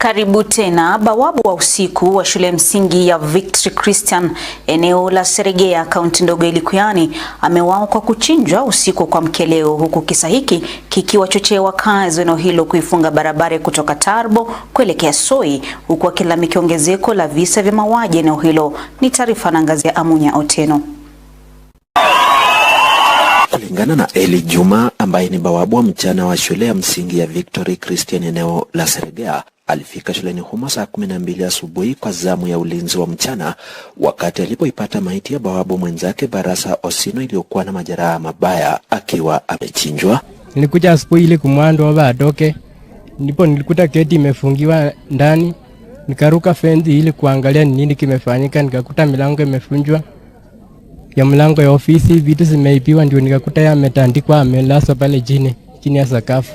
Karibu tena. Bawabu wa usiku wa shule ya msingi ya Victory Christian eneo la Seregea kaunti ndogo ya Likuyani ameuawa kwa kuchinjwa usiku kwa mkeleo, huku kisa hiki kikiwachochea wakazi wa eneo hilo kuifunga barabara kutoka Tarbo kuelekea Soi, huku wakilalamikia ongezeko la visa vya mauaji eneo hilo. Ni taarifa na ngazi ya Amunya Oteno. Tumeungana na Eli Juma ambaye ni bawabu wa mchana wa shule ya msingi ya Victory Christian eneo la Seregea. Alifika shuleni humo saa kumi na mbili asubuhi kwa zamu ya ulinzi wa mchana, wakati alipoipata maiti ya bawabu mwenzake Barasa Osino iliyokuwa na majeraha mabaya akiwa amechinjwa. Nilikuja asubuhi ili kumwandu baba atoke, ndipo nilikuta keti imefungiwa ndani, nikaruka fenzi ili kuangalia ni nini kimefanyika, nikakuta milango imefunjwa ya mlango ya ofisi, vitu zimeibiwa, ndio nikakuta yeye ametandikwa, amelaswa pale chini chini ya sakafu,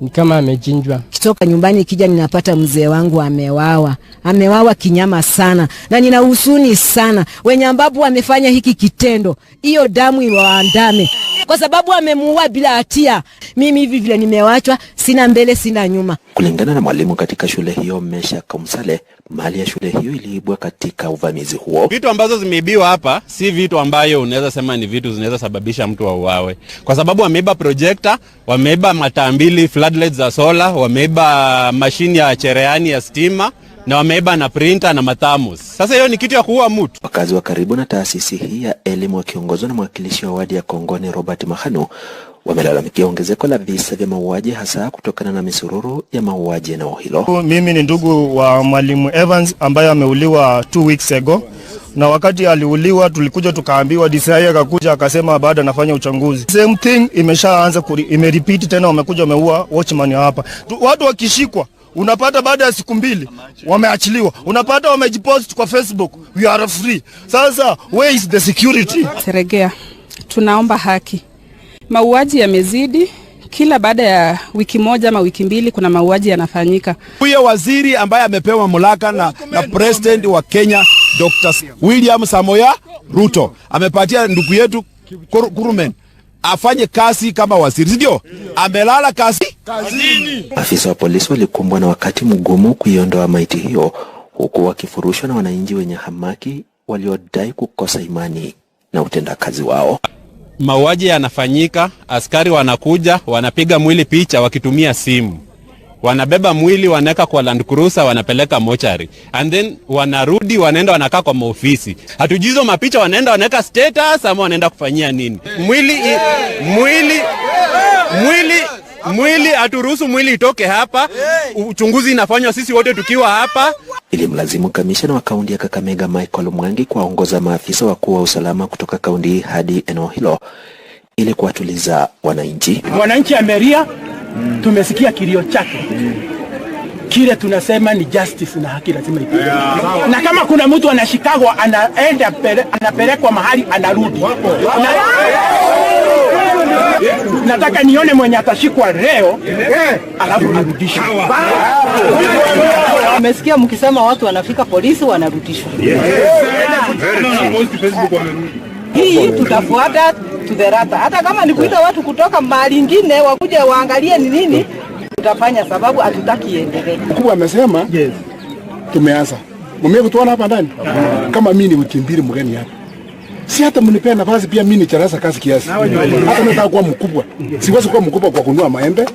ni kama amechinjwa. Kitoka nyumbani kija, ninapata mzee wangu amewawa, amewawa kinyama sana, na nina huzuni sana wenye ambapo wamefanya hiki kitendo, hiyo damu iwaandame kwa sababu amemuua bila hatia. Mimi hivi vile nimewachwa, sina mbele sina nyuma. Kulingana na mwalimu katika shule hiyo mesha Kamsale Mali ya shule hiyo iliibwa katika uvamizi huo. Vitu ambazo zimeibiwa hapa si vitu ambayo unaweza sema ni vitu zinaweza sababisha mtu auawe, kwa sababu wameiba projector, wameiba mataa mbili floodlights za sola, wameiba mashini ya cherehani ya stima na wameiba na printer na mathamus. Sasa hiyo ni kitu ya kuua mtu. Wakazi wa karibu na taasisi hii ya elimu wakiongozwa na mwakilishi wa wadi ya Kongoni Robert Mahano wamelalamikia ongezeko la visa vya mauaji hasa kutokana na misururu ya mauaji eneo hilo. Mimi ni ndugu wa mwalimu Evans ambaye ameuliwa two weeks ago, na wakati aliuliwa tulikuja tukaambiwa, DCI akakuja akasema baada anafanya uchunguzi. Same thing imeshaanza imerepeat tena, wamekuja wameua watchman hapa. Watu wakishikwa unapata baada ya siku mbili wameachiliwa, unapata wamejipost kwa Facebook we are free. Sasa where is the security? Seregea, tunaomba haki Mauaji yamezidi kila baada ya wiki moja ama wiki mbili kuna mauaji yanafanyika. Huyo waziri ambaye amepewa mamlaka na, na president wa Kenya Dr. William Samoya Ruto amepatia ndugu yetu Kurumen afanye kazi kama waziri, ndio amelala kazi kazini. Afisa wa polisi walikumbwa na wakati mgumu kuiondoa maiti hiyo, huku wakifurushwa na wananchi wenye hamaki waliodai kukosa imani na utendakazi wao mauaji yanafanyika, askari wanakuja wanapiga mwili picha wakitumia simu, wanabeba mwili wanaweka kwa Land Cruiser wanapeleka mochari, and then wanarudi wanaenda wanakaa kwa maofisi. Hatujui hizo mapicha wanaenda wanaweka status ama wanaenda kufanyia nini? Mwili mwili mwili mwili, haturuhusu mwili itoke hapa. Uchunguzi inafanywa sisi wote tukiwa hapa ilimlazimu kamishna wa kaunti ya Kakamega Michael Mwangi kuwaongoza maafisa wakuu wa usalama kutoka kaunti hadi eneo hilo ili kuwatuliza wananchi. ya ameria, mm. tumesikia kilio chake mm. Kile tunasema ni justice na haki lazima ipite, yeah. Na kama kuna mtu anashikagwa anaenda pere, anapelekwa mahali anarudi na, nataka nione mwenye atashikwa leo alafu arudishwe. Mmesikia mkisema watu wanafika polisi wanarutishwa. Hii tutafuata to hata kama ni kuita watu kutoka mahali ingine wakuja waangalie ni nini tutafanya, sababu hatutaki iendelee. Mkubwa amesema yes. Tumeanza mumie hapa ndani kama mimi ni wiki mgeni hapa si hata mnipea nafasi pia mimi nitarasa kazi kiasi. Hata nataka kuwa mkubwa, siwezi kuwa mkubwa kwa kunua maembe.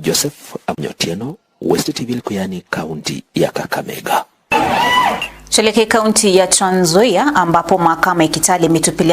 Joseph Nyotieno, West Tvilkoyani, kaunti ya Kakamega. Tuelekee kaunti ya Trans Nzoia ambapo mahakama ya Kitale imetupilia